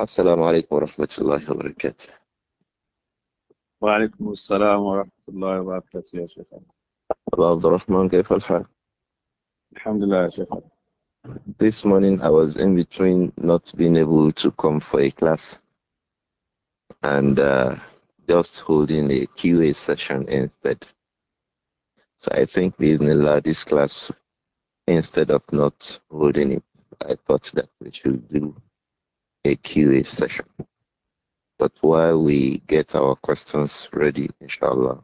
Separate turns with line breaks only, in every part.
السلام عليكم ورحمة الله وبركاته وعليكم السلام ورحمة الله وبركاته يا شيخ عبد الرحمن كيف الحال؟ الحمد لله يا شيخ This morning I was in between not being able to come for a class and uh, just holding a QA session instead. So I think Bismillah, this class, instead of not holding it, I thought that we should do a QA session. But while we get our questions ready, inshallah,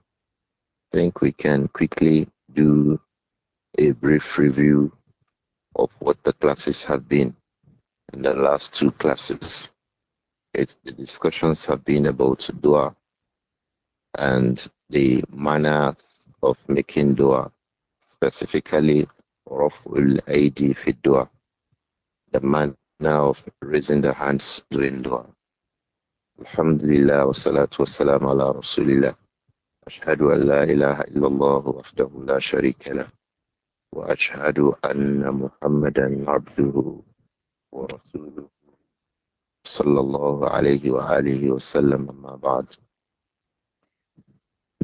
I think we can quickly do a brief review of what the classes have been in the last two classes. It, the discussions have been about dua and the manner of making dua, specifically Raful Aidi Fidua, Dua, the manner of raising the hands during dua. Alhamdulillah wa salatu wa salam ala Rasulillah. أشهد ilaha illallah, إله إلا الله وحده Wa شريك anna Muhammadan أن محمدا عبده ورسوله صلى الله عليه وآله وسلم أما بعد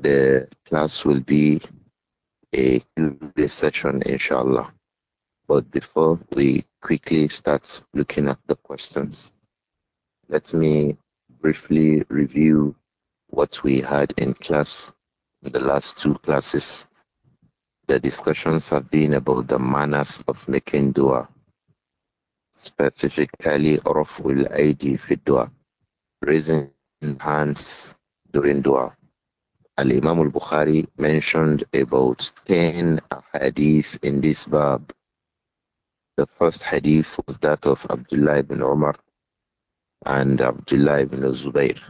the class will be a Q&A session, inshallah. But before we quickly start looking at the questions, let me briefly review what we had in class in the last two classes. The discussions have been about the manners of making dua, specifically Raful Aidi dua, raising hands during dua. Al Imam al Bukhari mentioned about 10 hadiths in this bab. The first hadith was that of Abdullah ibn Umar and Abdullah ibn Zubayr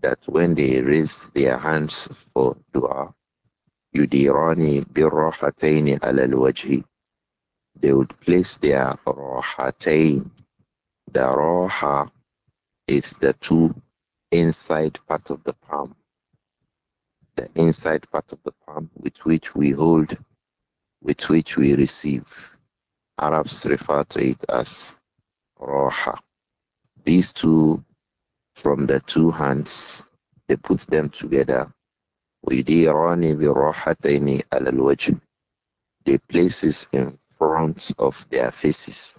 that when they raised their hands for dua, yudirani birrahatayn al wajhi. They would place their rahatayn. The raha is the two inside part of the palm the inside part of the palm with which we hold, with which we receive. Arabs refer to it as Roha. These two, from the two hands, they put them together. They places in front of their faces,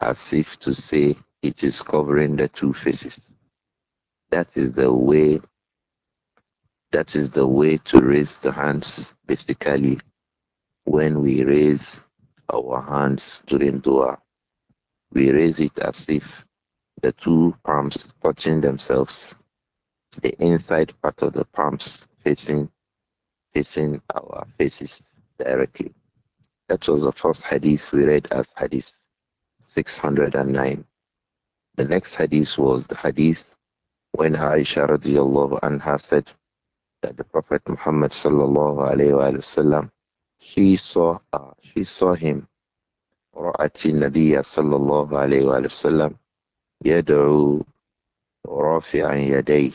as if to say it is covering the two faces. That is the way that is the way to raise the hands, basically, when we raise our hands during dua. We raise it as if the two palms touching themselves, the inside part of the palms facing facing our faces directly. That was the first hadith we read as hadith 609. The next hadith was the hadith when Aisha radiallahu anha said, that the Prophet Muhammad sallallahu alayhi wa sallam, he saw, uh, she saw him, رأت النبي صلى الله عليه وآله وسلم يدعو رافعا يديه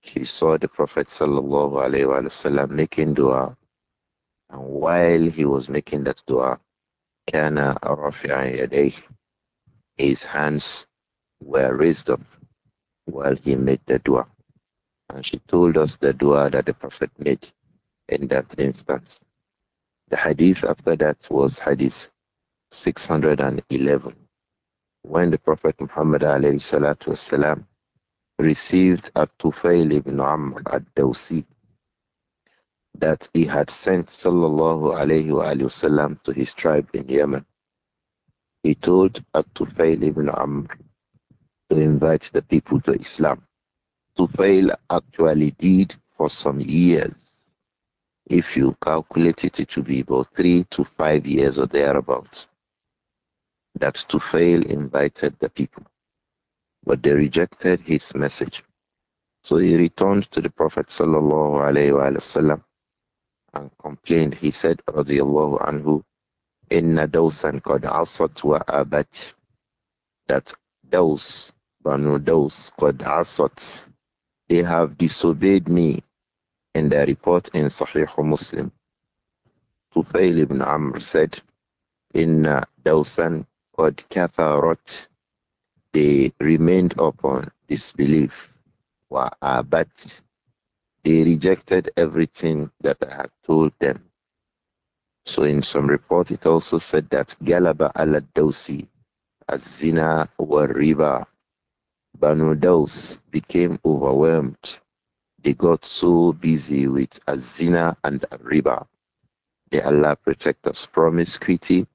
She saw the Prophet صلى الله عليه وآله وسلم making dua and while he was making that dua كان رافعا يديه His hands were raised up while he made the dua and she told us the dua that the Prophet made in that instance. The hadith after that was hadith 611, when the Prophet Muhammad والسلام, received At-Tufail ibn Amr the dawsi that he had sent sallallahu alayhi wa sallam to his tribe in Yemen. He told at ibn Amr to invite the people to Islam. Tufail actually did for some years. If you calculate it, it be about three to five years or thereabouts. That Tufail invited the people, but they rejected his message. So he returned to the Prophet وسلم, and complained. He said, Radiallahu anhu, Inna dawsan qad asat wa abat. That those, Banu God qad asat they have disobeyed me in their report in Sahih Muslim. Tufail ibn Amr said, In Dawsan qad katharat, they remained upon disbelief. Wa they rejected everything that I had told them. So in some report, it also said that Galaba al-Dawsi, az-zina wa riba Banu Daus became overwhelmed. They got so busy with Azina and Riba. The Allah protectors promiscuity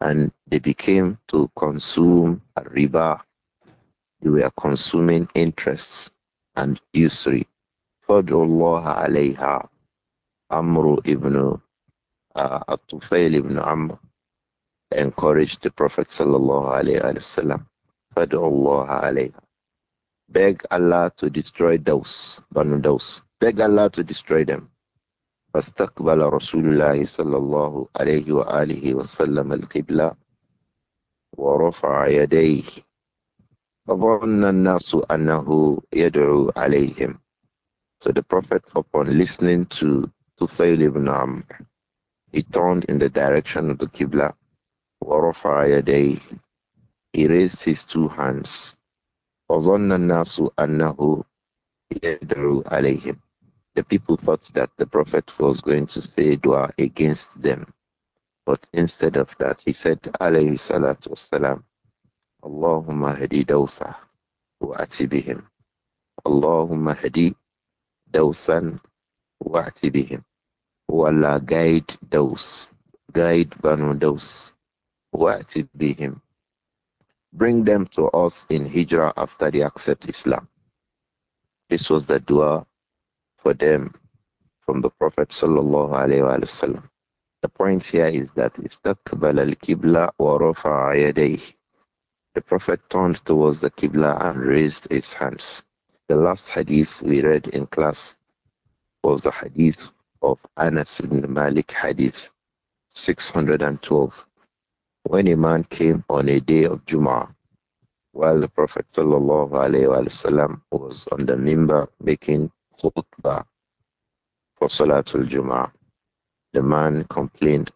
and they became to consume riba. They were consuming interests and usury. Allah alayha Amru ibn uh, at ibn Amr encouraged the Prophet sallallahu alayhi wa sallam Beg Allah to destroy those, Banu those. Beg Allah to destroy them. فاستقبل رسول الله صلى الله عليه وآله وسلم القبلة ورفع يديه فظن الناس أنه يدعو عليهم So the Prophet upon listening to Tufayl ibn Amr he turned in the direction of the Qibla ورفع يديه he raised his two hands. وَظَنَّ النَّاسُ أَنَّهُ يَدْعُو عَلَيْهِمْ The people thought that the Prophet was going to say dua against them. But instead of that, he said, alayhi salatu wassalam, Allahumma hadi dawsah wa'ati bihim. Allahumma hadi dawsan wa'ati bihim. Walla guide those, guide Banu those, wa'ati bihim. Bring them to us in Hijrah after they accept Islam. This was the dua for them from the Prophet sallallahu alaihi wasallam. The point here is that istaqbal al kibla wa rafa'a The Prophet turned towards the Qibla and raised his hands. The last hadith we read in class was the hadith of Anas ibn Malik hadith 612 when a man came on a day of Jum'ah, while the Prophet وسلم, was on the mimbar making khutbah for Salatul Jum'ah, the man complained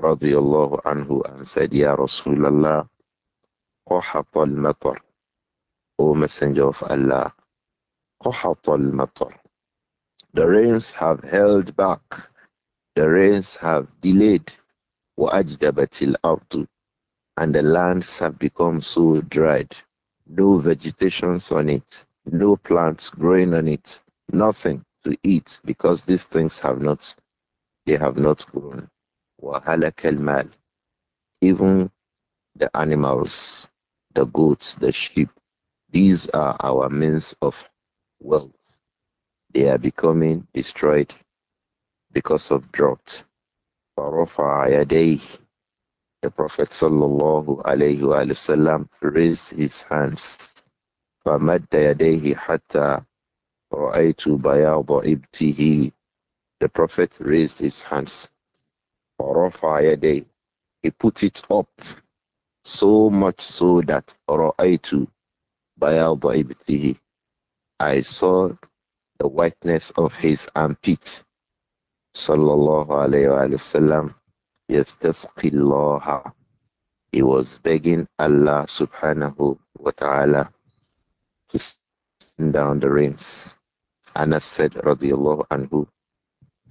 radiallahu anhu and said, Ya Rasulallah, قحط المطر O Messenger of Allah, قحط المطر The rains have held back, the rains have delayed وَأَجْدَبَتِ الْأَرْضُ And the lands have become so dried. No vegetations on it, no plants growing on it, nothing to eat because these things have not, they have not grown. وَهَلَكَ mal. Even the animals, the goats, the sheep, these are our means of wealth. They are becoming destroyed because of drought. فرفع يديه the Prophet sallallahu alayhi wasallam raised his hands. فَمَدَّ يَدَيْهِ حَتَّى رَأَيْتُ بَيَاضَ إِبْتِهِ The Prophet raised his hands. رَفَعَ يَدَيْهِ He put it up so much so that رَأَيْتُ بَيَاضَ إِبْتِهِ I saw the whiteness of his armpit sallallahu alayhi wa sallam, يستسقي الله. He was begging Allah subhanahu wa ta'ala to send down the rains. Anas said, رَضِيَ اللَّهُ عَنْهُ.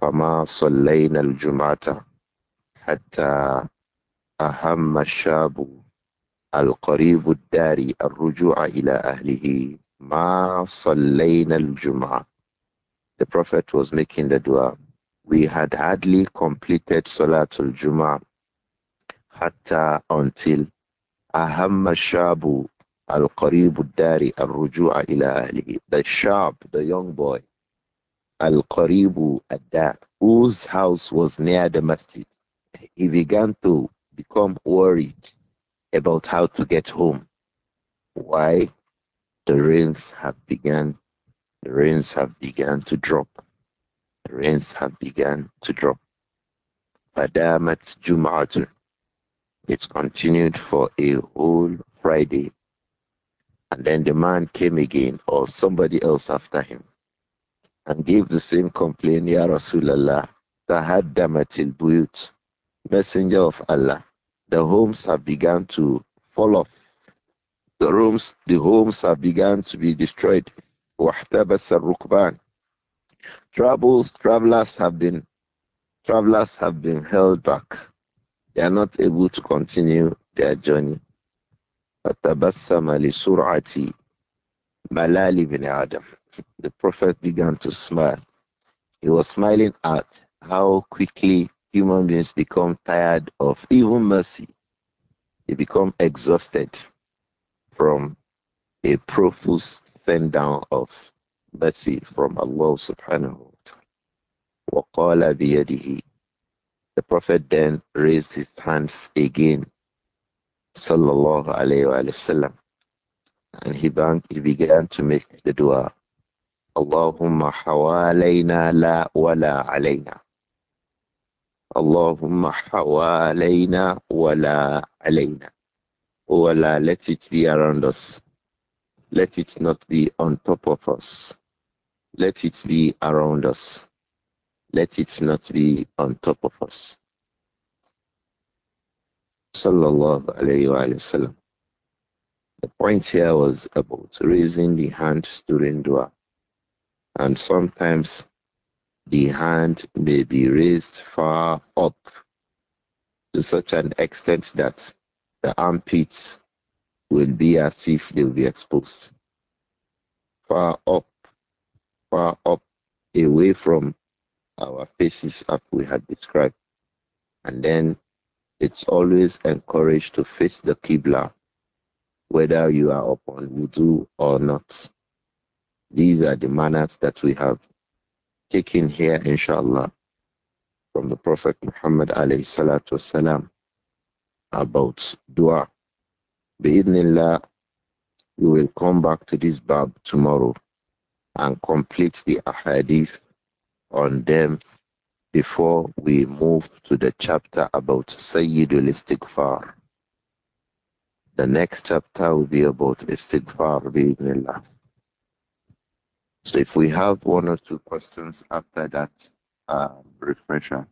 فما صلينا الجمعة حتى أهم الشاب القريب الدَّارِ الرجوع إلى أهله ما صلينا الجمعة The Prophet was making the dua we had hardly completed Salatul Juma hatta until Ahamma Shabu al qaribu Dari al Rujua ila ahlihi. The Shab, the young boy, al Qaribu al whose house was near the masjid, he began to become worried about how to get home. Why? The rains have begun. The rains have begun to drop rains have begun to drop. Badamat Jum'atun. It continued for a whole Friday. And then the man came again, or somebody else after him, and gave the same complaint, Ya Rasulallah, Tahaddamatil Buyut, Messenger of Allah. The homes have begun to fall off. The rooms, the homes have begun to be destroyed. al-Rukban. Troubles, travelers have been travelers have been held back. They are not able to continue their journey. فَتَبَسَّمَ لِسُرْعَةِ Adam. The Prophet began to smile. He was smiling at how quickly human beings become tired of even mercy. They become exhausted from a profuse send down of mercy from Allah subhanahu wa ta'ala. The Prophet then raised his hands again, sallallahu alayhi wa sallam, and he, began to make the dua, اللهم la wa ولا علينا اللهم wa ولا O oh Allah, let it be around us let it not be on top of us let it be around us. Let it not be on top of us. Sallallahu alayhi wa, sallam. The point here was about raising the hand during dua. And sometimes the hand may be raised far up to such an extent that the armpits will be as if they'll be exposed. Far up far up away from our faces as we had described. And then it's always encouraged to face the Qibla, whether you are upon wudu or not. These are the manners that we have taken here, inshallah, from the Prophet Muhammad alayhi salatu wasalam about dua. Bi'idnillah, we will come back to this bab tomorrow and complete the ahadith on them before we move to the chapter about Sayyidul Istighfar. The next chapter will be about Istighfar bi'idhnillah. So if we have one or two questions after that uh, refresher,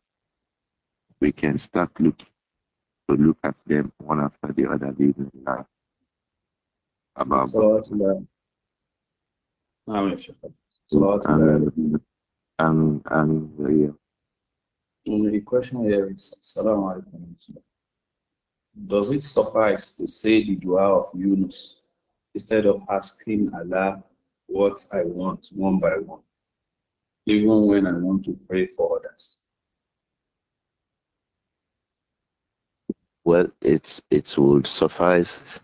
we can start looking to look at them one after the other bi'idhnillah. About and, and, and yeah. The question here is Salaam alaikum. Does it suffice to say the dua of Yunus instead of asking Allah what I want one by one, even when I want to pray for others? Well, it's it would suffice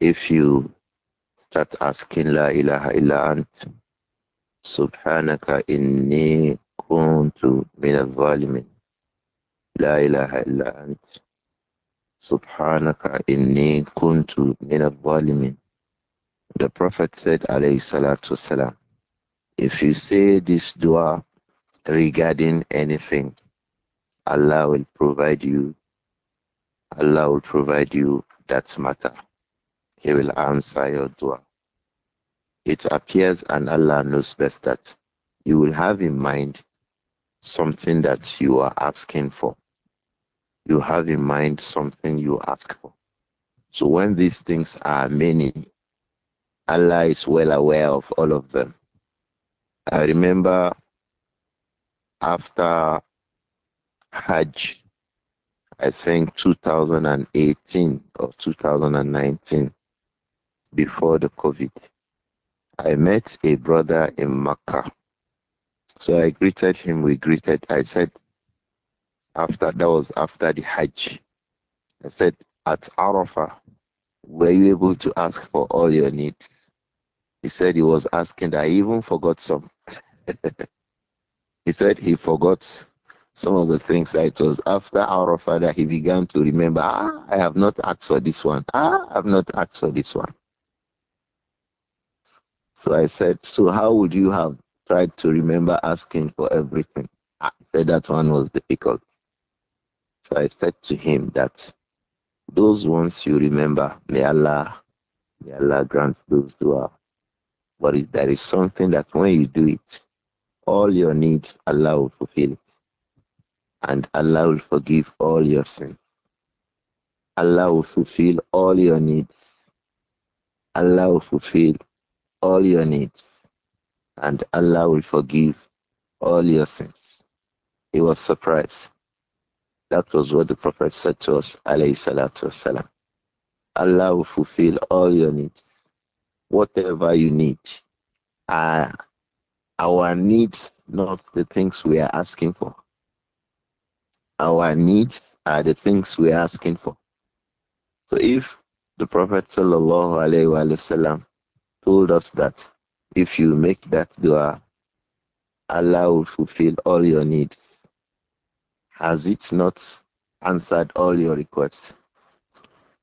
if you start asking La ilaha illa ant Subhanaka inni kuntu min al-zalimin La ilaha illa ant Subhanaka inni kuntu min al-zalimin The Prophet said alayhi salatu wasalam If you say this dua regarding anything Allah will provide you Allah will provide you that matter he will answer your dua. It appears, and Allah knows best, that you will have in mind something that you are asking for. You have in mind something you ask for. So when these things are many, Allah is well aware of all of them. I remember after Hajj, I think 2018 or 2019, before the COVID. I met a brother in Makkah. So I greeted him. We greeted. I said, after that was after the Hajj. I said, at Arafah, were you able to ask for all your needs? He said he was asking that I even forgot some. he said he forgot some of the things it was after Arafah that he began to remember, ah, I have not asked for this one. Ah, I have not asked for this one. So I said, So how would you have tried to remember asking for everything? I ah, said that one was difficult. So I said to him that those ones you remember, may Allah, may Allah grant those dua. But if there is something that when you do it, all your needs, Allah will fulfill it. And Allah will forgive all your sins. Allah will fulfill all your needs. Allah will fulfill all your needs, and Allah will forgive all your sins. He was surprised. That was what the Prophet said to us, alayhi salatu wasalam. Allah will fulfill all your needs, whatever you need. Uh, our needs, not the things we are asking for. Our needs are the things we are asking for. So if the Prophet sallallahu alayhi wasallam told us that if you make that dua, Allah will fulfill all your needs. Has it not answered all your requests?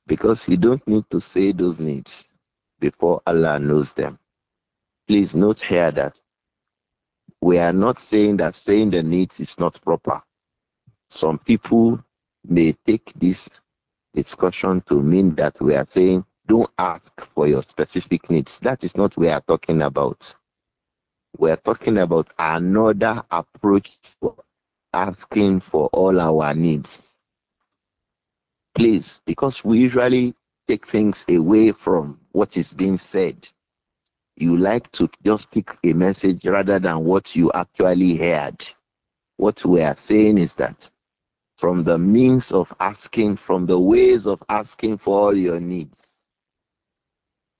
Because you don't need to say those needs before Allah knows them. Please note here that we are not saying that saying the needs is not proper. Some people may take this discussion to mean that we are saying don't ask for your specific needs. That is not what we are talking about. We are talking about another approach for asking for all our needs. Please, because we usually take things away from what is being said. You like to just pick a message rather than what you actually heard. What we are saying is that from the means of asking, from the ways of asking for all your needs,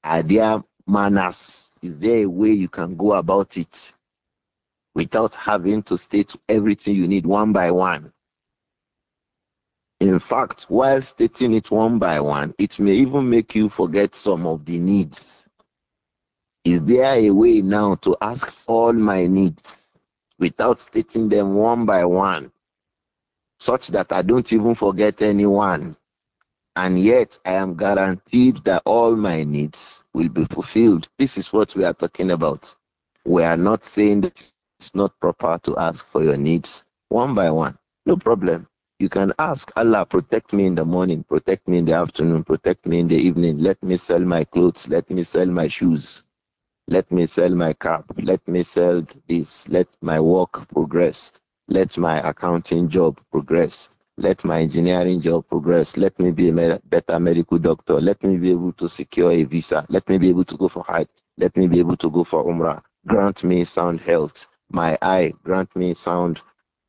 are there manners? Is there a way you can go about it without having to state everything you need one by one? In fact, while stating it one by one, it may even make you forget some of the needs. Is there a way now to ask all my needs without stating them one by one, such that I don't even forget anyone? and yet I am guaranteed that all my needs will be fulfilled. This is what we are talking about. We are not saying that it's not proper to ask for your needs one by one. No problem. You can ask Allah, protect me in the morning, protect me in the afternoon, protect me in the evening. Let me sell my clothes, let me sell my shoes, let me sell my cap, let me sell this, let my work progress, let my accounting job progress, let my engineering job progress. Let me be a better medical doctor. Let me be able to secure a visa. Let me be able to go for Hajj. Let me be able to go for Umrah. Grant me sound health. My eye, grant me sound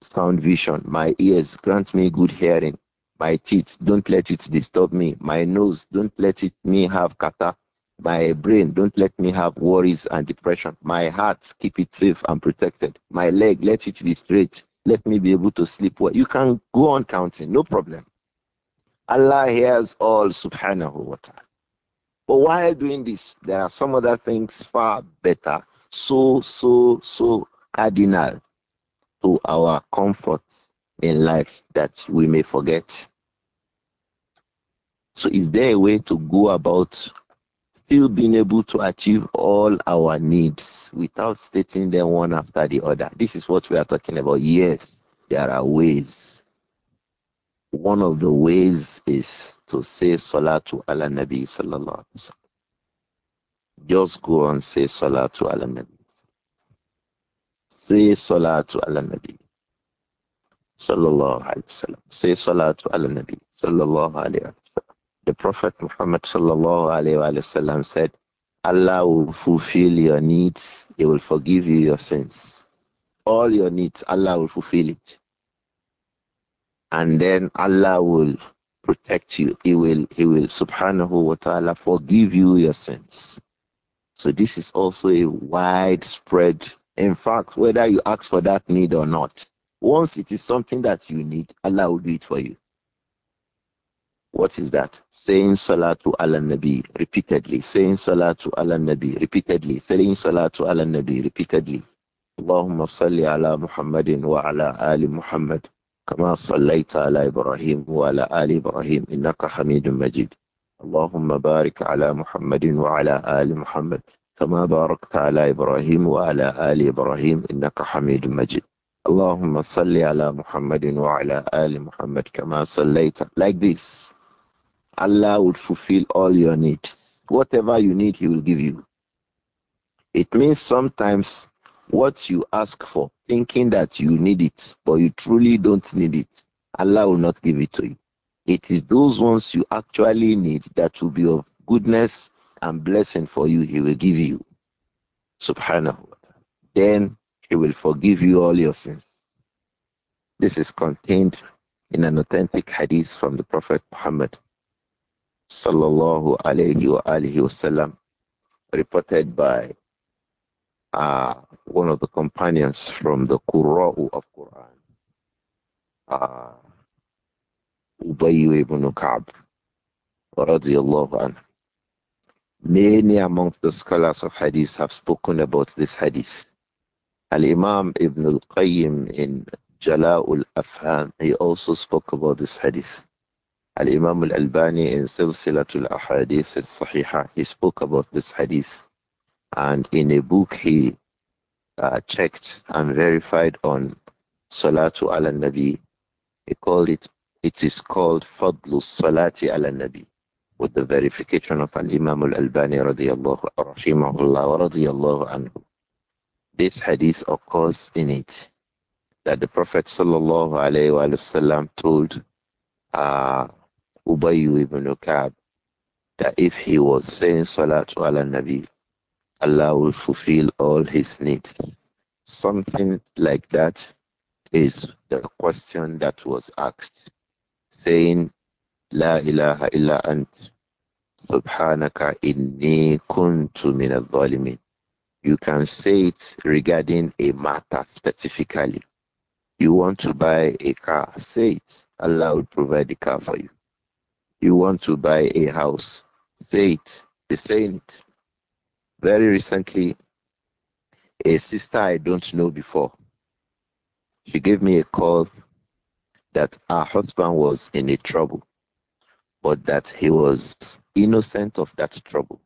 sound vision. My ears, grant me good hearing. My teeth, don't let it disturb me. My nose, don't let it me have kata. My brain, don't let me have worries and depression. My heart, keep it safe and protected. My leg, let it be straight. Let me be able to sleep well. You can go on counting, no problem. Allah hears all, subhanahu wa ta'ala. But while doing this, there are some other things far better, so, so, so cardinal to our comfort in life that we may forget. So, is there a way to go about still being able to achieve all our needs without stating them one after the other. This is what we are talking about. Yes, there are ways. One of the ways is to say Salatu ala Nabi sallallahu alaihi wasallam. Just go and say Salatu ala Nabi. Say Salatu ala Nabi sallallahu alaihi wasallam. Say Salatu ala Nabi sallallahu alaihi wasallam. The Prophet Muhammad وسلم, said, Allah will fulfill your needs, He will forgive you your sins. All your needs, Allah will fulfill it. And then Allah will protect you. He will, He will, subhanahu wa ta'ala, forgive you your sins. So this is also a widespread, in fact, whether you ask for that need or not, once it is something that you need, Allah will do it for you. What is that? Saying Salatu ala Nabi repeatedly, saying Salatu ala Nabi repeatedly, saying Salatu ala Nabi repeatedly. اللهم صل على محمد وعلى آل محمد كما صليت على إبراهيم وعلى آل إبراهيم إنك حميد مجيد اللهم بارك على محمد وعلى آل محمد كما باركت على إبراهيم وعلى آل إبراهيم إنك حميد مجيد اللهم صل على محمد وعلى آل محمد كما صليت like this Allah will fulfill all your needs. Whatever you need, He will give you. It means sometimes what you ask for, thinking that you need it, but you truly don't need it, Allah will not give it to you. It is those ones you actually need that will be of goodness and blessing for you, He will give you. Subhanahu wa ta'ala. Then He will forgive you all your sins. This is contained in an authentic hadith from the Prophet Muhammad sallallahu alayhi wa alihi wasallam reported by uh, one of the companions from the Qura'u of Quran, uh, Ubayy ibn Ka'b, radiyallahu anhu. Many amongst the scholars of hadith have spoken about this hadith. Al-Imam Ibn al-Qayyim in Jala'ul Afham, he also spoke about this hadith. Al-Imam al-Albani in Silsilatul Ahadith al-Sahihah, he spoke about this hadith. And in a book he uh, checked and verified on Salatu ala Nabi, he called it, it is called Fadlu Salati ala Nabi, with the verification of Al-Imam al-Albani radiyallahu, radiyallahu anhu. This hadith occurs in it that the Prophet sallallahu alayhi wa sallam told uh, Ubayy ibn Ka'b that if he was saying Salatu ala Nabi, Allah will fulfill all his needs. Something like that is the question that was asked, saying, La ilaha illa ant, subhanaka inni kuntu min al You can say it regarding a matter specifically. You want to buy a car, say it. Allah will provide the car for you you want to buy a house, say it, be saying it. Very recently, a sister I don't know before, she gave me a call that her husband was in a trouble, but that he was innocent of that trouble.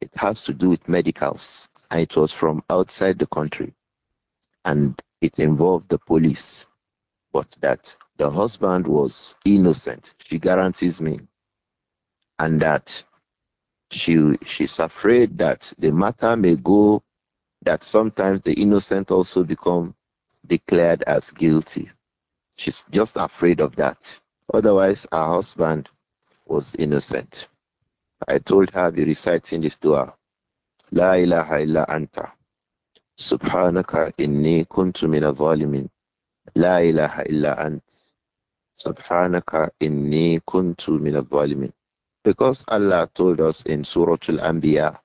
It has to do with medicals, and it was from outside the country, and it involved the police, but that the husband was innocent. She guarantees me. And that she she's afraid that the matter may go that sometimes the innocent also become declared as guilty. She's just afraid of that. Otherwise, her husband was innocent. I told her, be reciting this dua. La ilaha illa anta. Subhanaka inni kuntu min La ilaha illa anta. Subhanaka inni kuntu Because Allah told us in Surah Al-Anbiya,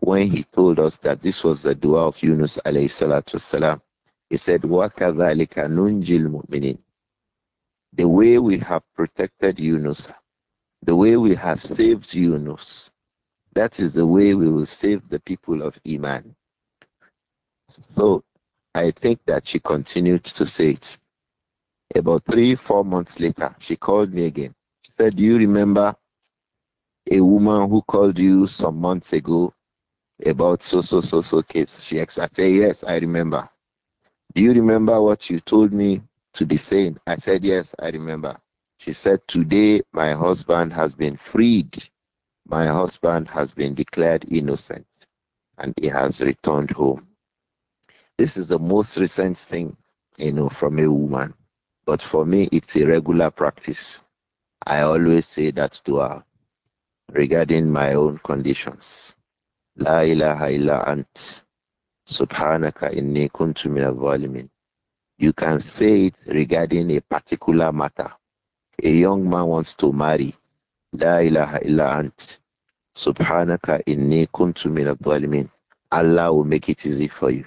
when He told us that this was the dua of Yunus alayhi salatu wasalam, He said, وَكَذَلِكَ نُنْجِي الْمُؤْمِنِينَ The way we have protected Yunus, the way we have saved Yunus, that is the way we will save the people of Iman. So I think that she continued to say it. About three, four months later, she called me again. She said, Do you remember a woman who called you some months ago about so, so, so, so case? She asked, I said, Yes, I remember. Do you remember what you told me to be saying? I said, Yes, I remember. She said, Today my husband has been freed. My husband has been declared innocent and he has returned home. This is the most recent thing, you know, from a woman. But for me, it's a regular practice. I always say that to her regarding my own conditions. La ilaha illa ant. Subhanaka inni kuntu min You can say it regarding a particular matter. A young man wants to marry. La ilaha illa ant. Subhanaka inni kuntu min Allah will make it easy for you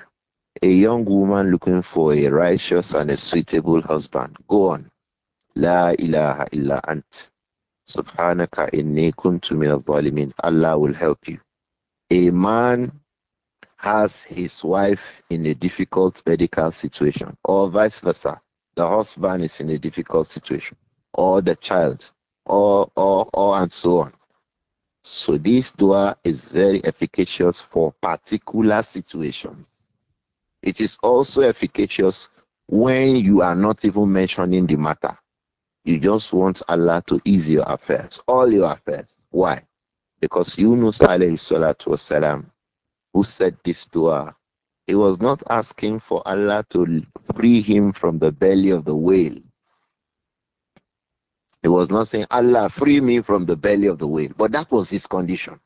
a young woman looking for a righteous and a suitable husband. Go on. La ilaha illa ant. Subhanaka inni kuntu min Allah will help you. A man has his wife in a difficult medical situation or vice versa. The husband is in a difficult situation or the child or, or, or and so on. So this dua is very efficacious for particular situations it is also efficacious when you are not even mentioning the matter. You just want Allah to ease your affairs, all your affairs. Why? Because Yunus Salih salatu wasalam, who said this dua, he was not asking for Allah to free him from the belly of the whale. He was not saying, Allah, free me from the belly of the whale. But that was his condition.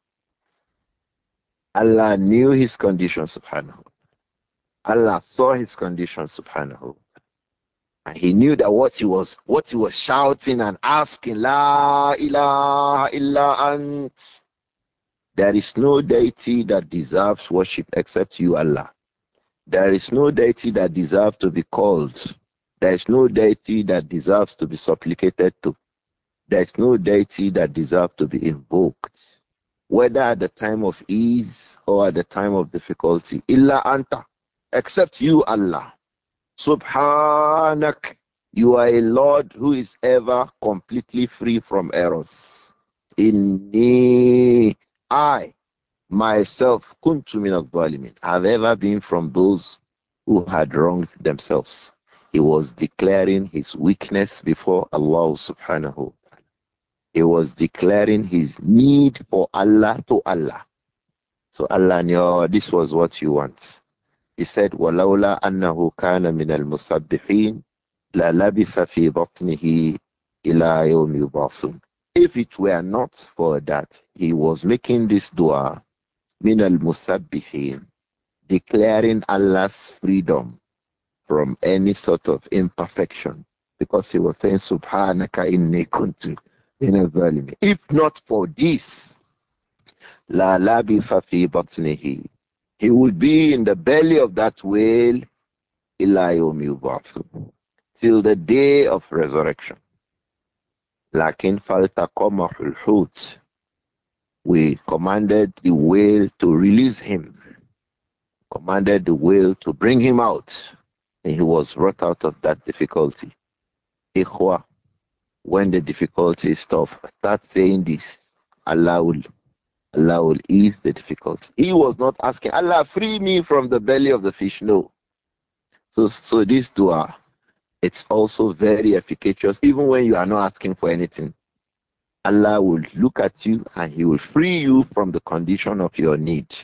Allah knew his condition, subhanahu Allah saw his condition, subhanahu. And he knew that what he was what he was shouting and asking, La ilaha illa ant. There is no deity that deserves worship except you, Allah. There is no deity that deserves to be called. There is no deity that deserves to be supplicated to. There is no deity that deserves to be invoked, whether at the time of ease or at the time of difficulty. Illa anta except you, Allah. Subhanak, you are a Lord who is ever completely free from errors. In me, I myself, kuntu min al-zalimin, have ever been from those who had wronged themselves. He was declaring his weakness before Allah subhanahu wa ta'ala. He was declaring his need for Allah to Allah. So Allah knew oh, this was what you want. He said, وَلَوْلَا أَنَّهُ كَانَ مِنَ لَلَبِثَ فِي بَطْنِهِ إِلَىٰ يَوْمِ If it were not for that, he was making this dua, مِنَ الْمُسَبِّحِينَ declaring Allah's freedom from any sort of imperfection because he was saying subhanaka inni kuntu if not for this la labisa fi he will be in the belly of that whale till the day of resurrection. Lakin faltakomahul hut. We commanded the whale to release him, commanded the whale to bring him out, and he was brought out of that difficulty. Ikhwa, when the difficulty is tough, start saying this. Allah will Allah will ease the difficulty. He was not asking, Allah, free me from the belly of the fish. No. So, so this dua, it's also very efficacious, even when you are not asking for anything. Allah will look at you and He will free you from the condition of your need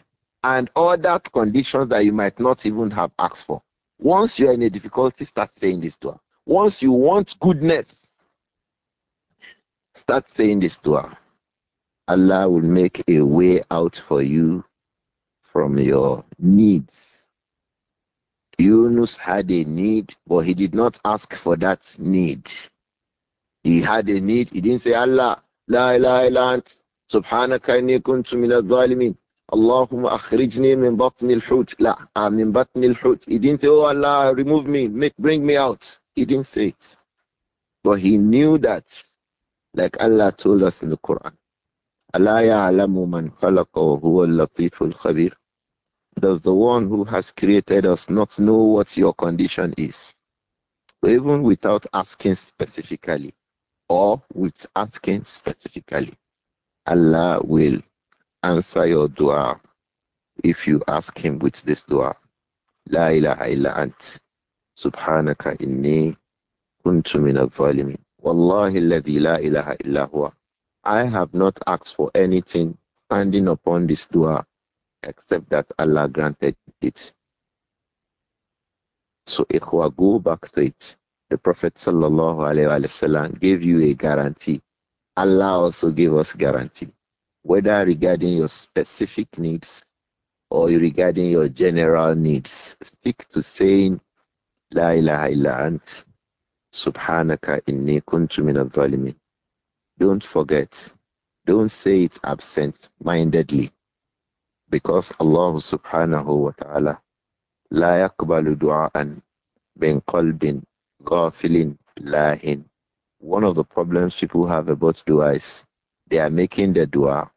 and all that conditions that you might not even have asked for. Once you're in a difficulty, start saying this dua. Once you want goodness, start saying this dua. Allah will make a way out for you from your needs. Yunus had a need, but he did not ask for that need. He had a need. He didn't say, Allah, la ilaha illa ant, subhanaka inni kuntu min al-zalimin. Allahumma akhrijni min batni al-hut. La, ah, min batni al-hut. He didn't say, oh Allah, remove me, make, bring me out. He didn't say it. But he knew that, like Allah told us in the Quran. Does the one who has created us not know what your condition is? even without asking specifically, or with asking specifically, Allah will answer your dua if you ask Him with this dua. La ilaha illa ant. Subhanaka inni kuntu min al-zalimin. Wallahi alladhi la ilaha illa huwa. I have not asked for anything standing upon this dua except that Allah granted it. So ikhwa, go back to it. The Prophet wasallam gave you a guarantee. Allah also gave us guarantee, whether regarding your specific needs or regarding your general needs. Stick to saying La ilaha illa ant subhanaka inni kuntu min don't forget. Don't say it absent mindedly. Because Allah subhanahu wa ta'ala لا يقبل دعاء من قلب غافل لاهٍ one of the problems people have about dua is they are making the dua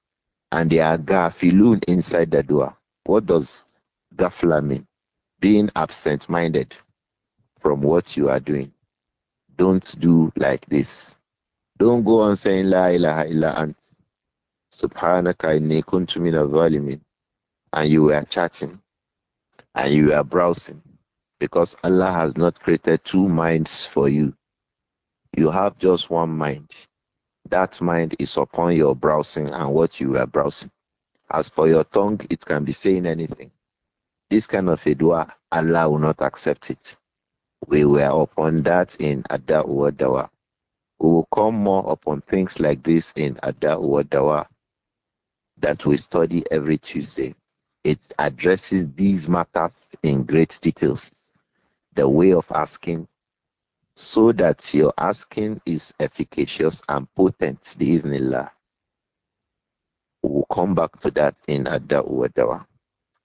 and they are gafilun inside the dua. What does gafla mean? Being absent minded from what you are doing. Don't do like this. Don't go on saying La ilaha illa ant. Subhanaka inni kuntu min And you were chatting and you were browsing because Allah has not created two minds for you. You have just one mind. That mind is upon your browsing and what you were browsing. As for your tongue, it can be saying anything. This kind of a dua, Allah will not accept it. We were upon that in Adawadawa. We will come more upon things like this in Ada'u Dawa that we study every Tuesday. It addresses these matters in great details. The way of asking, so that your asking is efficacious and potent, bi'idhnillah. We'll come back to that in Ada'u Dawa.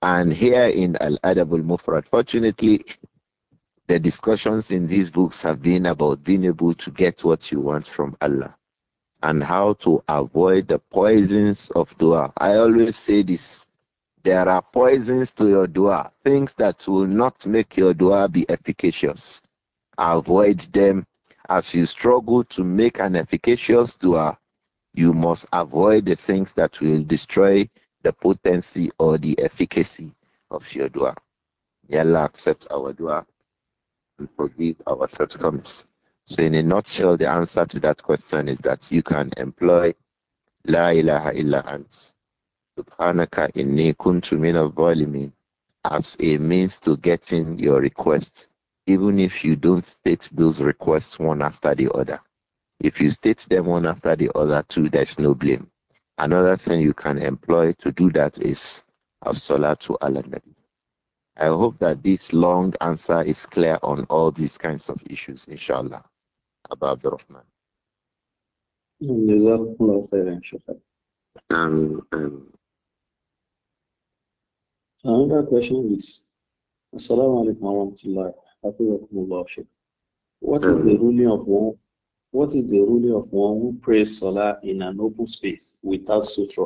And here in Al Adab al Mufrad, fortunately, the discussions in these books have been about being able to get what you want from Allah and how to avoid the poisons of dua. I always say this there are poisons to your dua, things that will not make your dua be efficacious. Avoid them. As you struggle to make an efficacious dua, you must avoid the things that will destroy the potency or the efficacy of your dua. May Allah accept our dua and forgive our shortcomings. So, in a nutshell, the answer to that question is that you can employ La ilaha illa ant, subhanaka inni kuntu min al as a means to getting your request, even if you don't state those requests one after the other. If you state them one after the other, too, there's no blame. Another thing you can employ to do that is as salatu ala nabi I hope that this long answer is clear on all these kinds of issues, inshallah. Abu Abdurrahman. Jazakallah khairan, um, um, Another question is Assalamu alaikum wa rahmatullahi What is the um. ruling of one? What is the ruling of one who prays salah in an open space without sutra?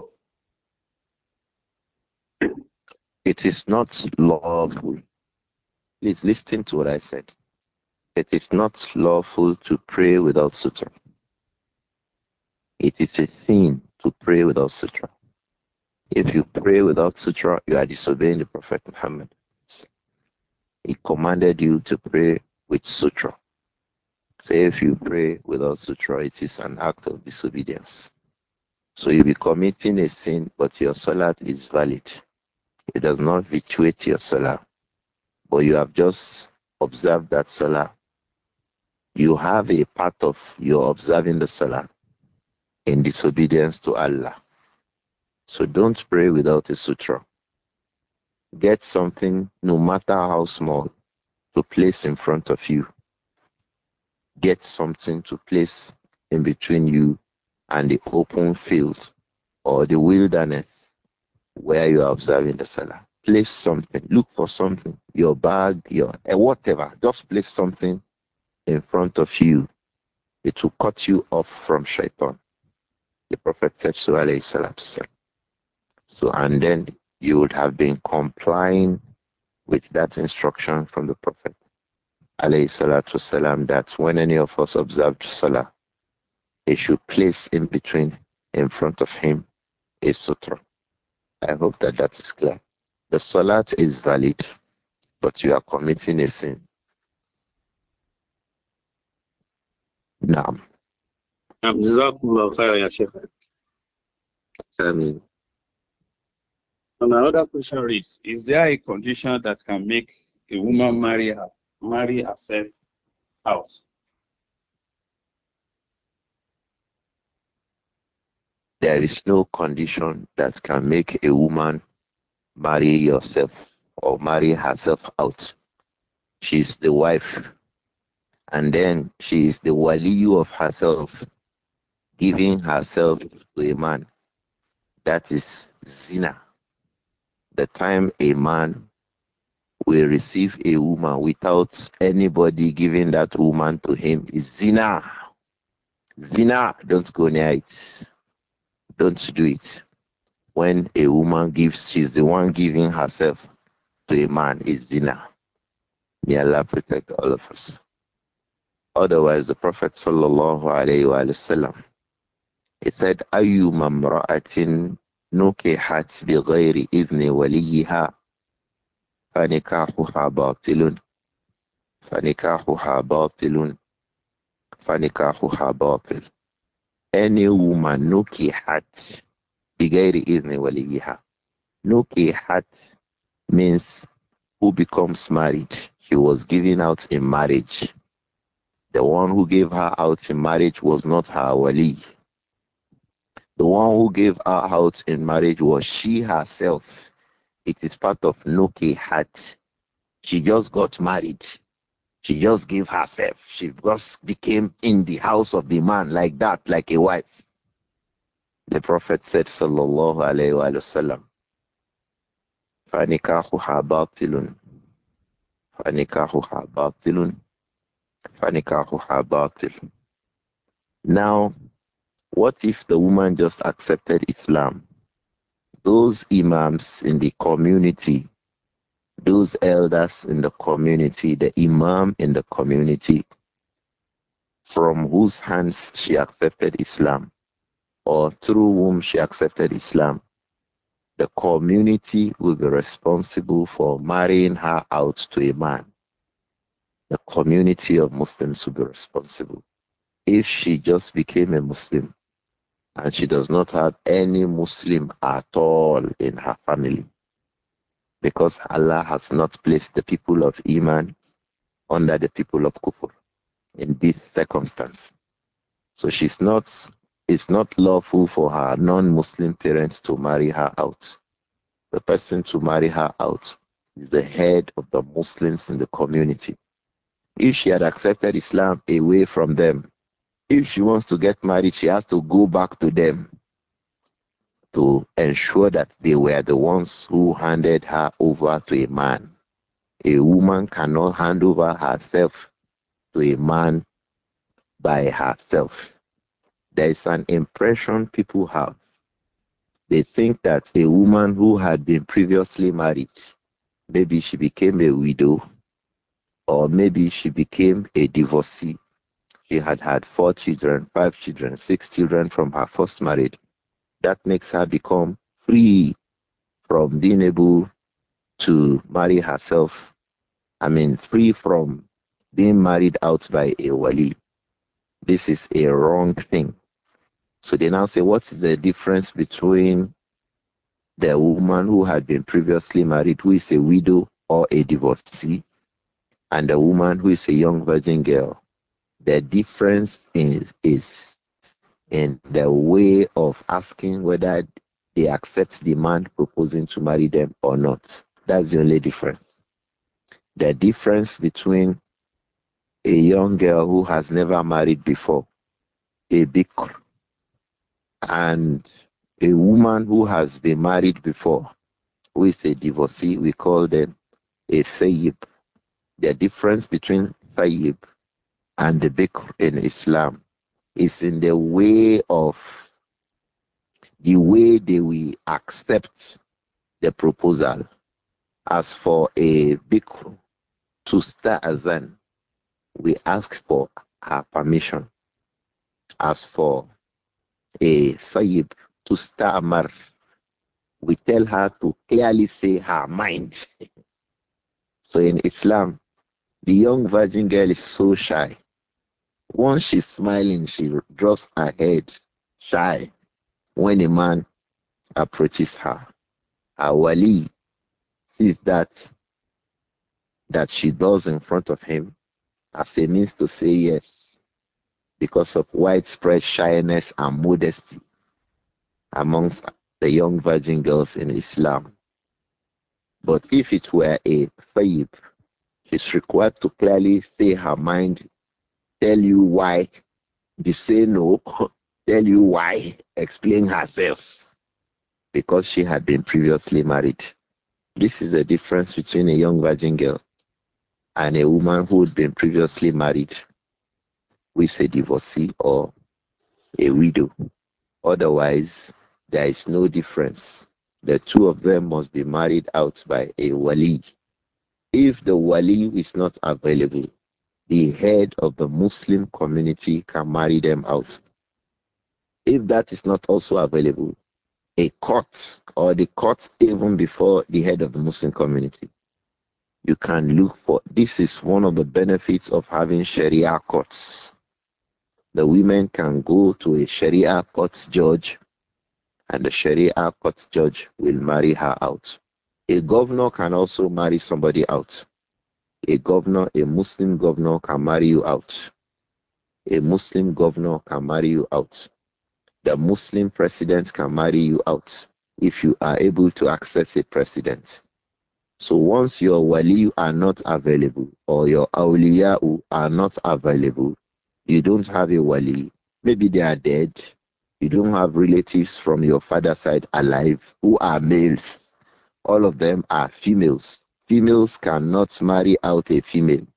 It is not lawful. Please listen to what I said. It is not lawful to pray without sutra. It is a sin to pray without sutra. If you pray without sutra, you are disobeying the Prophet Muhammad. He commanded you to pray with sutra. So if you pray without sutra, it is an act of disobedience. So you'll be committing a sin, but your salat is valid. It does not vitiate your salah, but you have just observed that salah. You have a part of your observing the salah in disobedience to Allah. So don't pray without a sutra. Get something, no matter how small, to place in front of you. Get something to place in between you and the open field or the wilderness where you are observing the salah. Place something, look for something, your bag, your eh, whatever. Just place something in front of you. It will cut you off from shaitan. The Prophet said so, alayhi salatu salam. So, and then you would have been complying with that instruction from the Prophet, alayhi salatu salam, that when any of us observe salah, it should place in between, in front of him, a sutra. I hope that that's clear. The salat is valid, but you are committing a sin. Naam. Jazakumullah And another question is: is there a condition that can make a woman marry her, marry herself out? There is no condition that can make a woman marry yourself or marry herself out. She is the wife. And then she is the waliyu of herself, giving herself to a man. That is zina. The time a man will receive a woman without anybody giving that woman to him is zina. Zina, don't go near it don't do it. When a woman gives, she's the one giving herself to a man, it's dinner. May Allah protect all of us. Otherwise, the Prophet sallallahu alaihi wasallam he said, "Ayu mamra'atin nukihat bi ghairi idni waliha, fanikahuha batilun, fanikahuha batilun, fanikahuha batil." any woman nukihat bigayri idni waliyiha. Nukihat means who becomes married. She was given out in marriage. The one who gave her out in marriage was not her wali. The one who gave her out in marriage was she herself. It is part of nukihat. She just got married. She just gave herself. She just became in the house of the man like that, like a wife. The Prophet said, Sallallahu Alaihi Wasallam, فَنِكَاحُهَا بَاطِلٌ فَنِكَاحُهَا بَاطِلٌ فَنِكَاحُهَا بَاطِلٌ Now, what if the woman just accepted Islam? Those imams in the community those elders in the community, the imam in the community, from whose hands she accepted Islam or through whom she accepted Islam, the community will be responsible for marrying her out to a man. The community of Muslims will be responsible. If she just became a Muslim and she does not have any Muslim at all in her family, because Allah has not placed the people of Iman under the people of Kufr in this circumstance. So she's not, it's not lawful for her non Muslim parents to marry her out. The person to marry her out is the head of the Muslims in the community. If she had accepted Islam away from them, if she wants to get married, she has to go back to them to ensure that they were the ones who handed her over to a man. A woman cannot hand over herself to a man by herself. There is an impression people have. They think that a woman who had been previously married, maybe she became a widow, or maybe she became a divorcee. She had had four children, five children, six children from her first marriage that makes her become free from being able to marry herself. I mean, free from being married out by a wali. This is a wrong thing. So they now say, what's the difference between the woman who had been previously married, who is a widow or a divorcee, and the woman who is a young virgin girl? The difference is, is in the way of asking whether they accept the man proposing to marry them or not. That's the only difference. The difference between a young girl who has never married before, a bikr, and a woman who has been married before, who is a divorcee, we call them a sayyib. The difference between sayyib and the bikr in Islam is in the way of the way they will accept the proposal. As for a bikr to start then, we ask for her permission. As for a sayyib to start mar, we tell her to clearly say her mind. so in Islam, the young virgin girl is so shy. Once she's smiling, she drops her head shy when a man approaches her. Her wali sees that that she does in front of him as a means to say yes because of widespread shyness and modesty amongst the young virgin girls in Islam. But if it were a fayyib, she's required to clearly say her mind tell you why they say no, tell you why, explain herself because she had been previously married. This is the difference between a young virgin girl and a woman who had been previously married with a divorcee or a widow. Otherwise, there is no difference. The two of them must be married out by a wali. If the wali is not available, the head of the Muslim community can marry them out. If that is not also available, a court or the court even before the head of the Muslim community, you can look for. This is one of the benefits of having Sharia courts. The women can go to a Sharia court judge, and the Sharia court judge will marry her out. A governor can also marry somebody out a governor, a Muslim governor can marry you out. A Muslim governor can marry you out. The Muslim president can marry you out if you are able to access a president. So once your wali are not available or your awliya are not available, you don't have a wali. Maybe they are dead. You don't have relatives from your father's side alive who are males. All of them are females. Females cannot marry out a female.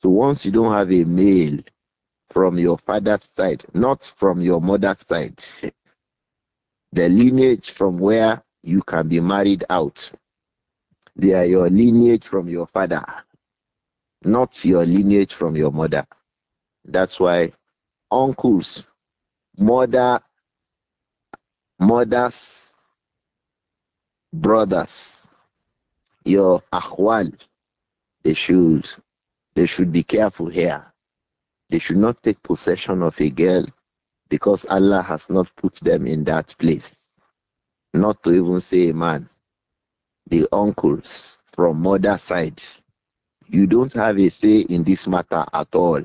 So once you don't have a male from your father's side, not from your mother's side, the lineage from where you can be married out, they are your lineage from your father, not your lineage from your mother. That's why uncles, mother, mothers, brothers, your ahwal. They should, they should be careful here. They should not take possession of a girl because Allah has not put them in that place. Not to even say man. The uncles from mother side, you don't have a say in this matter at all.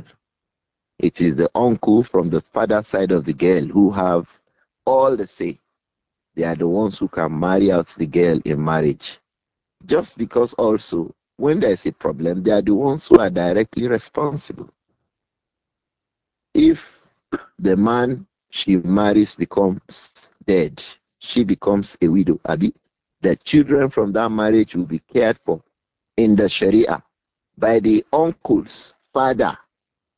It is the uncle from the father side of the girl who have all the say. They are the ones who can marry out the girl in marriage. Just because also when there's a problem, they are the ones who are directly responsible. If the man she marries becomes dead, she becomes a widow, Abi. The children from that marriage will be cared for in the Sharia by the uncle's father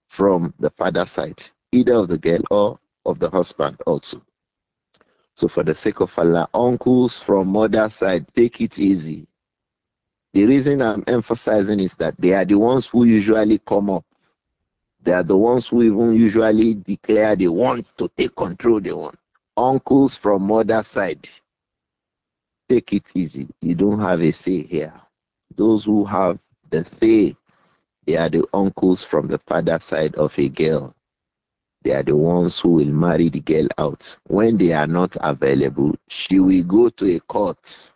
from the father side, either of the girl or of the husband also. So for the sake of Allah, uncles from mother side, take it easy. The reason I'm emphasizing is that they are the ones who usually come up. They are the ones who even usually declare they want to take control. They want uncles from mother's side. Take it easy. You don't have a say here. Those who have the say, they are the uncles from the father side of a girl. They are the ones who will marry the girl out. When they are not available, she will go to a court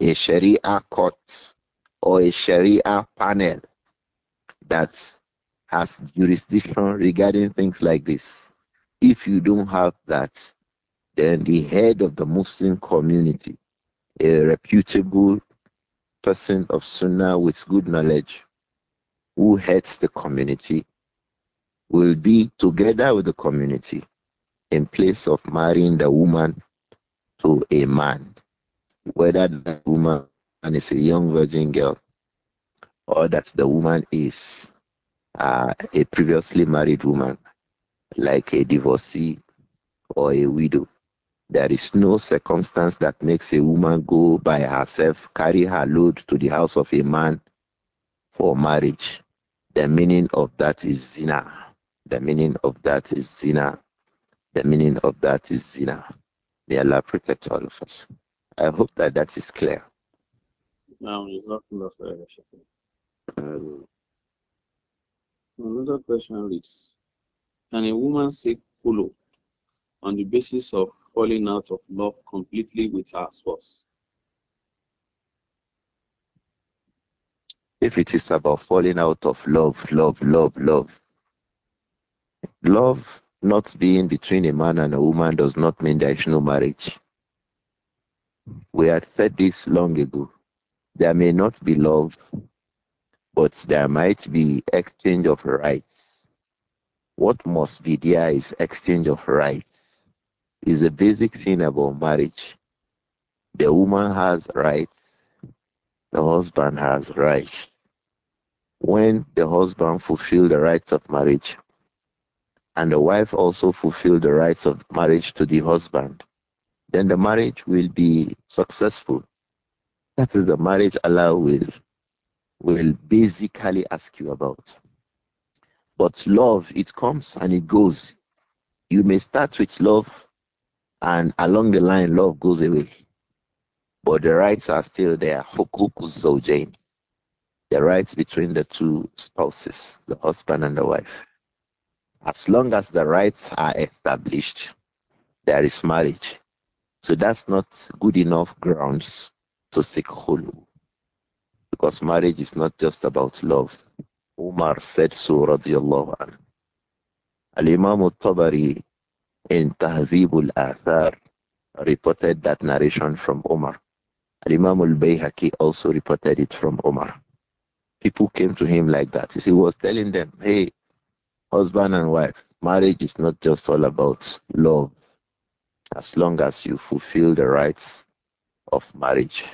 a Sharia court or a Sharia panel that has jurisdiction regarding things like this. If you don't have that, then the head of the Muslim community, a reputable person of Sunnah with good knowledge, who heads the community, will be together with the community in place of marrying the woman to a man whether that woman and is a young virgin girl or that the woman is uh, a previously married woman, like a divorcee or a widow. There is no circumstance that makes a woman go by herself, carry her load to the house of a man for marriage. The meaning of that is zina. The meaning of that is zina. The meaning of that is zina. May Allah protect all of us. I hope that that is clear. No, it's not Um, Another question is: Can a woman seek Kulu on the basis of falling out of love completely with her spouse? If it is about falling out of love, love, love, love, love not being between a man and a woman does not mean there is no marriage. We had said this long ago. There may not be love, but there might be exchange of rights. What must be there is exchange of rights. Is a basic thing about marriage. The woman has rights. The husband has rights. When the husband fulfills the rights of marriage, and the wife also fulfills the rights of marriage to the husband, then the marriage will be successful. That is the marriage Allah will, will basically ask you about. But love, it comes and it goes. You may start with love, and along the line, love goes away. But the rights are still there. The rights between the two spouses, the husband and the wife. As long as the rights are established, there is marriage. So that's not good enough grounds to seek hulu. Because marriage is not just about love. Umar said so, radiallahu anhu. Al-Imam al-Tabari in Tahzib al-Athar reported that narration from Umar. Al-Imam al-Bayhaqi also reported it from Umar. People came to him like that. He was telling them, hey, husband and wife, marriage is not just all about love as long as you fulfill the rights of marriage.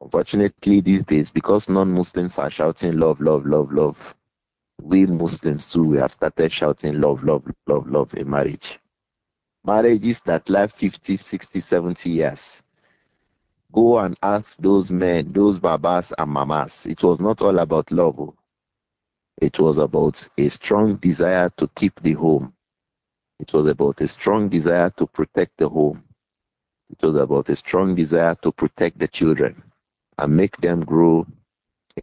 Unfortunately, these days, because non Muslims are shouting love, love, love, love, we Muslims too, we have started shouting love, love, love, love in marriage. Marriages that last 50, 60, 70 years. Go and ask those men, those babas and mamas. It was not all about love. Oh. It was about a strong desire to keep the home, it was about a strong desire to protect the home. It was about a strong desire to protect the children and make them grow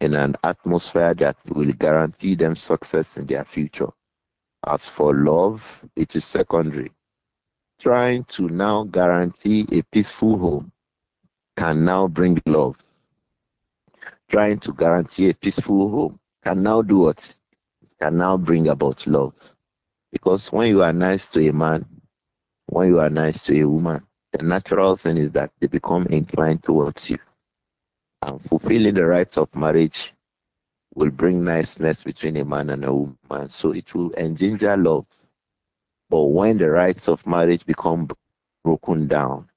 in an atmosphere that will guarantee them success in their future. As for love, it is secondary. Trying to now guarantee a peaceful home can now bring love. Trying to guarantee a peaceful home can now do what? Can now bring about love. Because when you are nice to a man, when you are nice to a woman, the natural thing is that they become inclined towards you. And fulfilling the rights of marriage will bring niceness between a man and a woman. So it will engender love. But when the rights of marriage become broken down,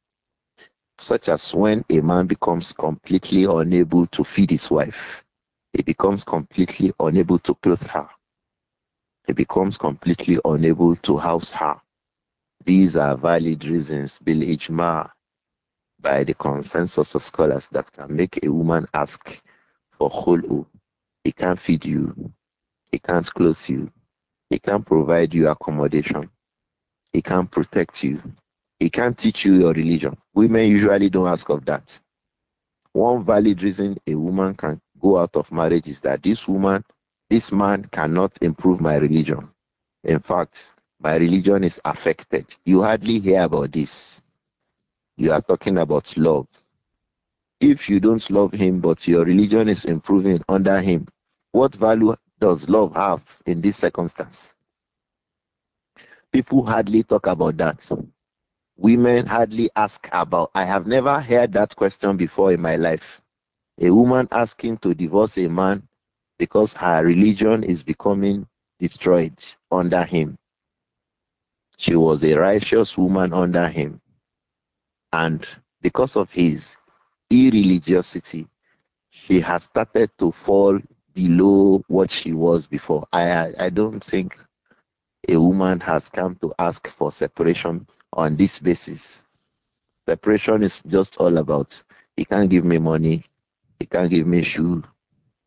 such as when a man becomes completely unable to feed his wife, he becomes completely unable to clothe her, he becomes completely unable to house her. These are valid reasons, bil ijma, by the consensus of scholars that can make a woman ask for khulu. He can't feed you, he can't clothe you, he can't provide you accommodation, he can't protect you, he can't teach you your religion. Women usually don't ask of that. One valid reason a woman can go out of marriage is that this woman this man cannot improve my religion. In fact, my religion is affected. You hardly hear about this. You are talking about love. If you don't love him, but your religion is improving under him, what value does love have in this circumstance? People hardly talk about that. Women hardly ask about. I have never heard that question before in my life. A woman asking to divorce a man because her religion is becoming destroyed under him. She was a righteous woman under him. And because of his irreligiosity, she has started to fall below what she was before. I, I don't think a woman has come to ask for separation on this basis. Separation is just all about he can't give me money, he can't give me shoe,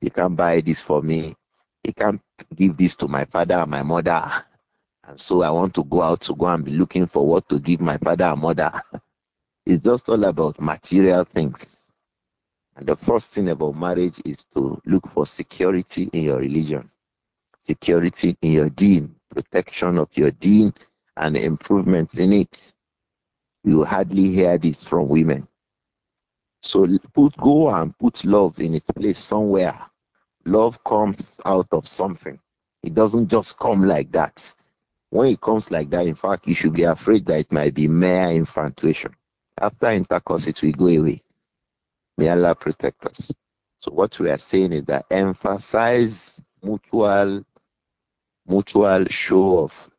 you can buy this for me. You can give this to my father and my mother. And so I want to go out to go and be looking for what to give my father and mother. It's just all about material things. And the first thing about marriage is to look for security in your religion, security in your deen, protection of your deen, and improvements in it. You hardly hear this from women. So put go and put love in its place somewhere. Love comes out of something. It doesn't just come like that. When it comes like that, in fact, you should be afraid that it might be mere infatuation. After intercourse, it will go away. May Allah protect us. So what we are saying is that emphasize mutual, mutual show of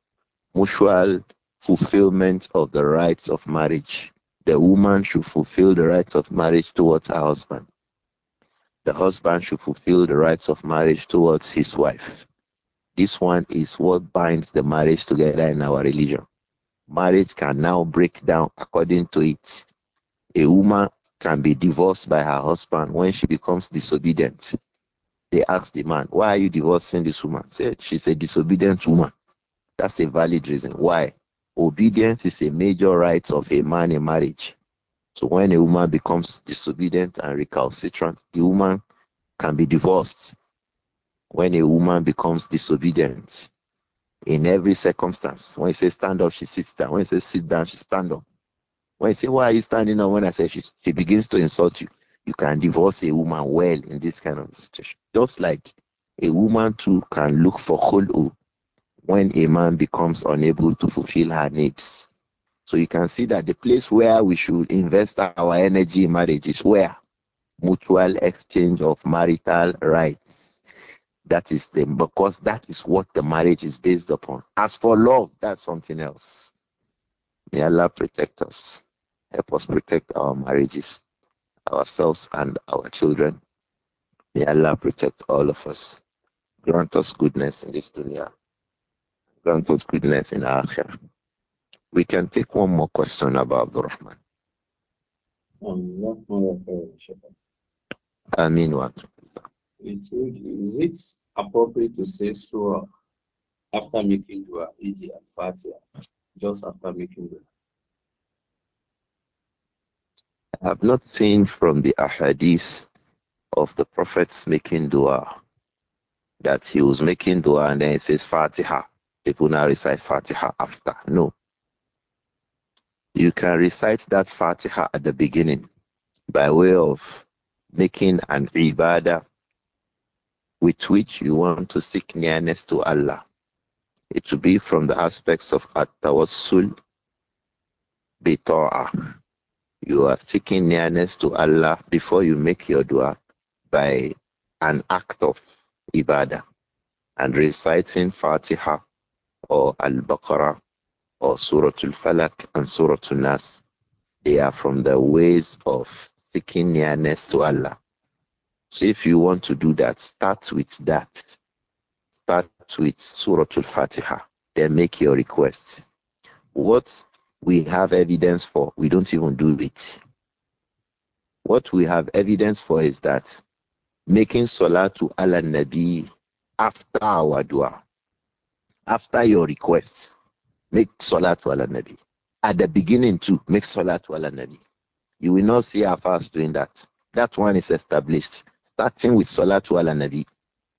mutual fulfillment of the rights of marriage the woman should fulfill the rights of marriage towards her husband. The husband should fulfill the rights of marriage towards his wife. This one is what binds the marriage together in our religion. Marriage can now break down according to it. A woman can be divorced by her husband when she becomes disobedient. They ask the man, Why are you divorcing this woman? Said She's a disobedient woman. That's a valid reason. Why? Obedience is a major right of a man in marriage. So when a woman becomes disobedient and recalcitrant, the woman can be divorced. When a woman becomes disobedient, in every circumstance. When he says stand up, she sits down. When he says sit down, she stand up. When he say why are you standing up, when I say she, she begins to insult you, you can divorce a woman well in this kind of situation. Just like a woman too can look for khulu, when a man becomes unable to fulfill her needs. So you can see that the place where we should invest our energy in marriage is where? Mutual exchange of marital rights. That is the because that is what the marriage is based upon. As for love, that's something else. May Allah protect us. Help us protect our marriages, ourselves and our children. May Allah protect all of us. Grant us goodness in this dunya goodness in We can take one more question about Abdul Rahman. I mean what? It, is it appropriate to say surah after making dua, e.g. fatiha just after making dua? I have not seen from the ahadith of the prophets making dua that he was making dua and then he says Fatiha people now recite Fatiha after. No. You can recite that Fatiha at the beginning by way of making an ibadah with which you want to seek nearness to Allah. It will be from the aspects of at-tawassul bita'ah. You are seeking nearness to Allah before you make your dua by an act of ibadah and reciting Fatiha or Al-Baqarah or Surah Al-Falak and Surah nas they are from the ways of seeking nearness to Allah. So if you want to do that, start with that. Start with Surah Al-Fatiha, then make your request. What we have evidence for, we don't even do it. What we have evidence for is that making salah to Allah Nabi after our dua after your request, make salat ala nabi. At the beginning too, make salat ala nabi. You will not see our fast doing that. That one is established. Starting with salat ala nabi,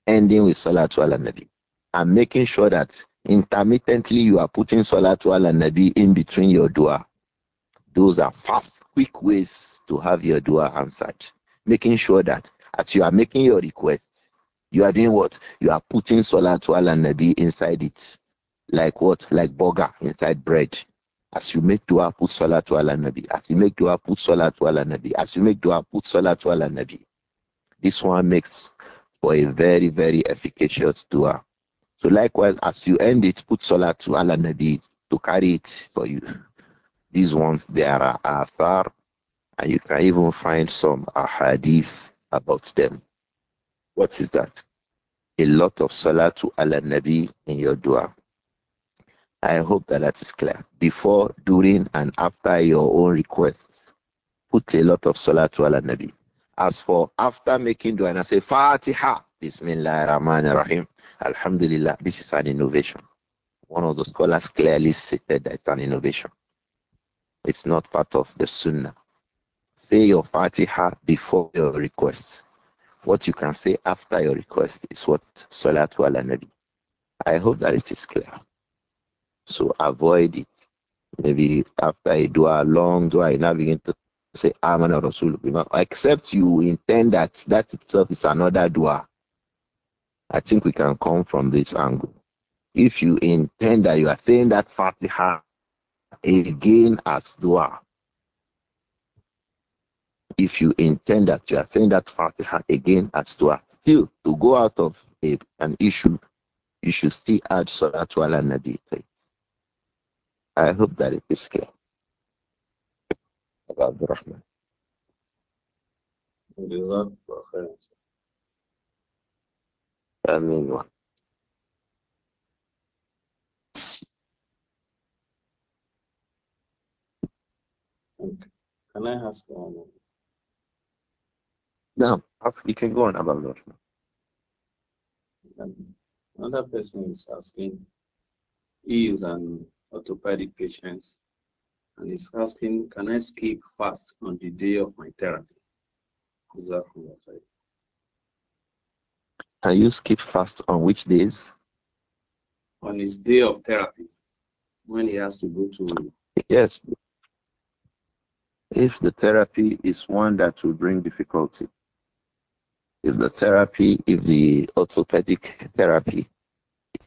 ending with salat ala nabi. And making sure that intermittently you are putting salat ala nabi in between your dua. Those are fast, quick ways to have your dua answered. Making sure that as you are making your request, you are doing what? You are putting to ala Nabi inside it. Like what? Like burger inside bread. As you make dua, put to ala Nabi. As you make dua, put Salatu ala Nabi. As you make dua, put Salatu ala Nabi. This one makes for a very, very efficacious dua. So likewise, as you end it, put to ala Nabi to carry it for you. These ones, they are far, and you can even find some ahadith about them. What is that? A lot of salah to Allah Nabi in your dua. I hope that that is clear. Before, during, and after your own requests, put a lot of salah to Allah Nabi. As for after making dua, and I say Fatiha, Bismillah Rahman Rahim, Alhamdulillah, this is an innovation. One of the scholars clearly stated that it's an innovation. It's not part of the Sunnah. Say your Fatiha before your requests. What you can say after your request is what Salatu ala Nabi. I hope that it is clear. So avoid it. Maybe after a dua, long dua, you now begin to say Aman Rasul except you intend that that itself is another dua. I think we can come from this angle. If you intend that you are saying that Fatiha again as dua, if you intend that you are saying that Fatiha again as to still to go out of a, an issue, you should still add Salatu ala Nabi. I hope that it is clear. Abdul Rahman. Okay. Can I ask one? No, ask you can go on about that. Um, another person is asking he is an orthopedic patient and he's asking can I skip fast on the day of my therapy exactly can you skip fast on which days on his day of therapy when he has to go to yes if the therapy is one that will bring difficulty if the therapy, if the orthopedic therapy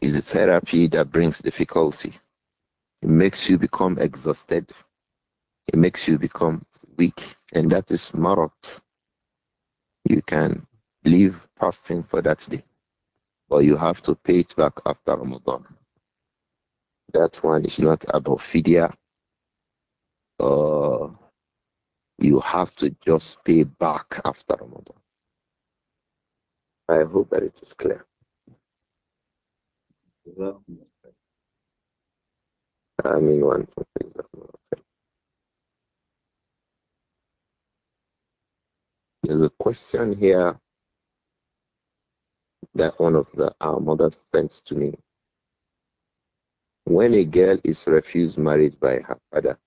is a therapy that brings difficulty, it makes you become exhausted, it makes you become weak, and that is marot. You can leave fasting for that day, but you have to pay it back after Ramadan. That one is not about fidya. Uh, you have to just pay back after Ramadan I hope that it is clear. I mean one. There's a question here that one of the, our mothers sent to me. When a girl is refused marriage by her father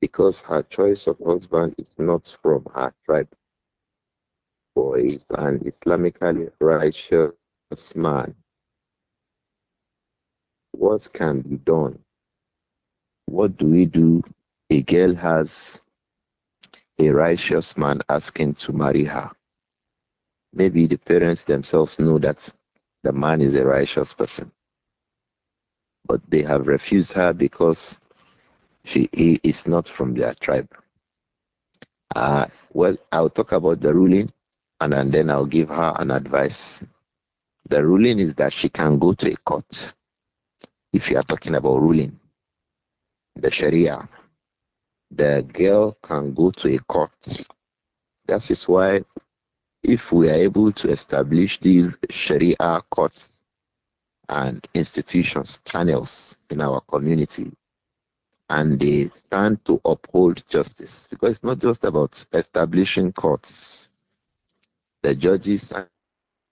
because her choice of husband is not from her tribe, for is an Islamically righteous man. What can be done? What do we do? A girl has a righteous man asking to marry her. Maybe the parents themselves know that the man is a righteous person. But they have refused her because she is not from their tribe. Uh, well, I'll talk about the ruling and, and then I'll give her an advice. The ruling is that she can go to a court if you are talking about ruling. The Sharia, the girl can go to a court. That is why, if we are able to establish these Sharia courts and institutions, panels in our community, and they stand to uphold justice, because it's not just about establishing courts, the judges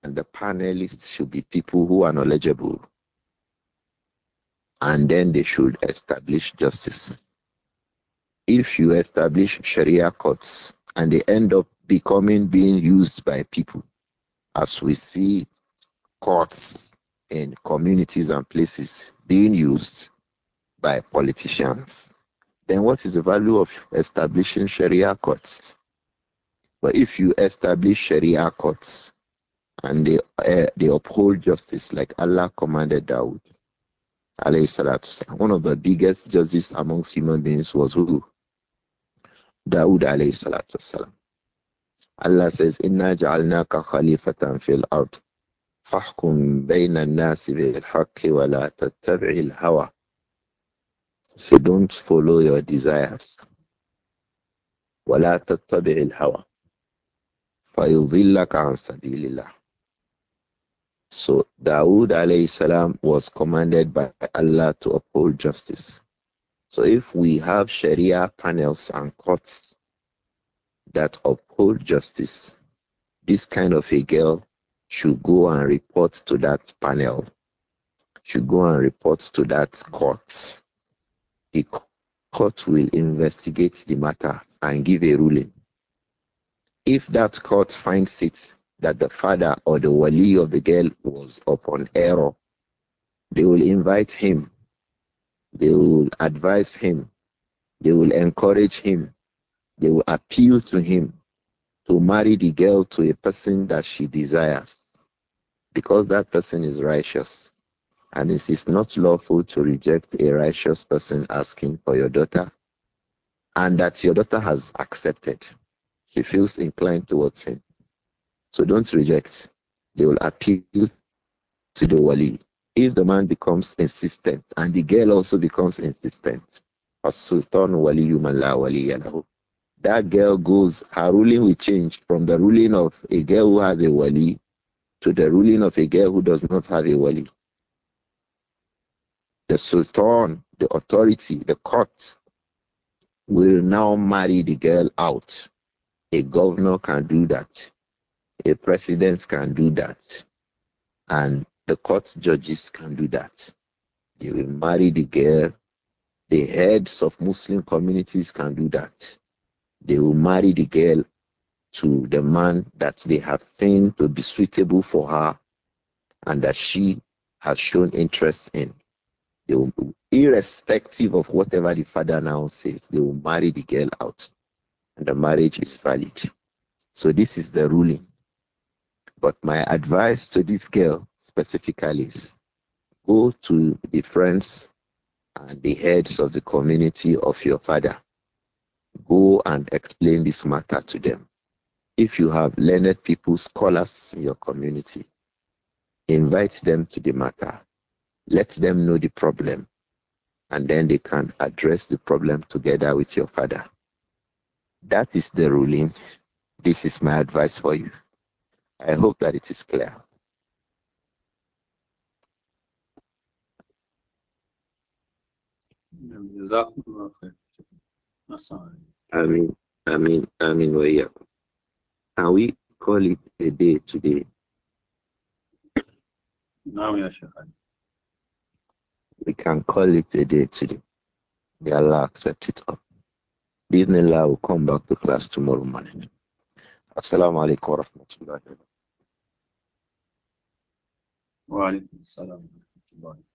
and the panelists should be people who are knowledgeable. And then they should establish justice. If you establish Sharia courts and they end up becoming being used by people, as we see courts in communities and places being used by politicians, then what is the value of establishing Sharia courts? But if you establish Sharia courts and they uh, they uphold justice like Allah commanded Dawood, one of the biggest justice amongst human beings was who? Dawood Allah says, Inna ja'alnaka khalifatan fil ard. فاحكم بين الناس بالحق ولا تتبع الهوى. So don't follow your desires. ولا تتبع الهوى. So Dawood alayhi salam was commanded by Allah to uphold justice. So if we have Sharia panels and courts that uphold justice, this kind of a girl should go and report to that panel, should go and report to that court. The court will investigate the matter and give a ruling. If that court finds it that the father or the wali of the girl was upon error, they will invite him, they will advise him, they will encourage him, they will appeal to him to marry the girl to a person that she desires because that person is righteous. And it is not lawful to reject a righteous person asking for your daughter and that your daughter has accepted he feels inclined towards him. So don't reject. They will appeal to the wali. If the man becomes insistent and the girl also becomes insistent, as Sultan Waliyuman La Waliyalahu, that girl goes, her ruling will change from the ruling of a girl who has a wali to the ruling of a girl who does not have a wali. The Sultan, the authority, the court will now marry the girl out a governor can do that. A president can do that. And the court judges can do that. They will marry the girl. The heads of Muslim communities can do that. They will marry the girl to the man that they have seen to be suitable for her and that she has shown interest in. They will, irrespective of whatever the father now says, they will marry the girl out and the marriage is valid. So this is the ruling. But my advice to this girl specifically is go to the friends and the heads of the community of your father. Go and explain this matter to them. If you have learned people, scholars in your community, invite them to the matter. Let them know the problem, and then they can address the problem together with your father. That is the ruling. This is my advice for you. I hope that it is clear. I mean, I mean, I mean, well, yeah. Can we call it a day today? We can call it a day today. May Allah accept it all. Bismillah, we'll come back to class tomorrow morning. Assalamu alaikum wa rahmatullahi wa alaikum assalam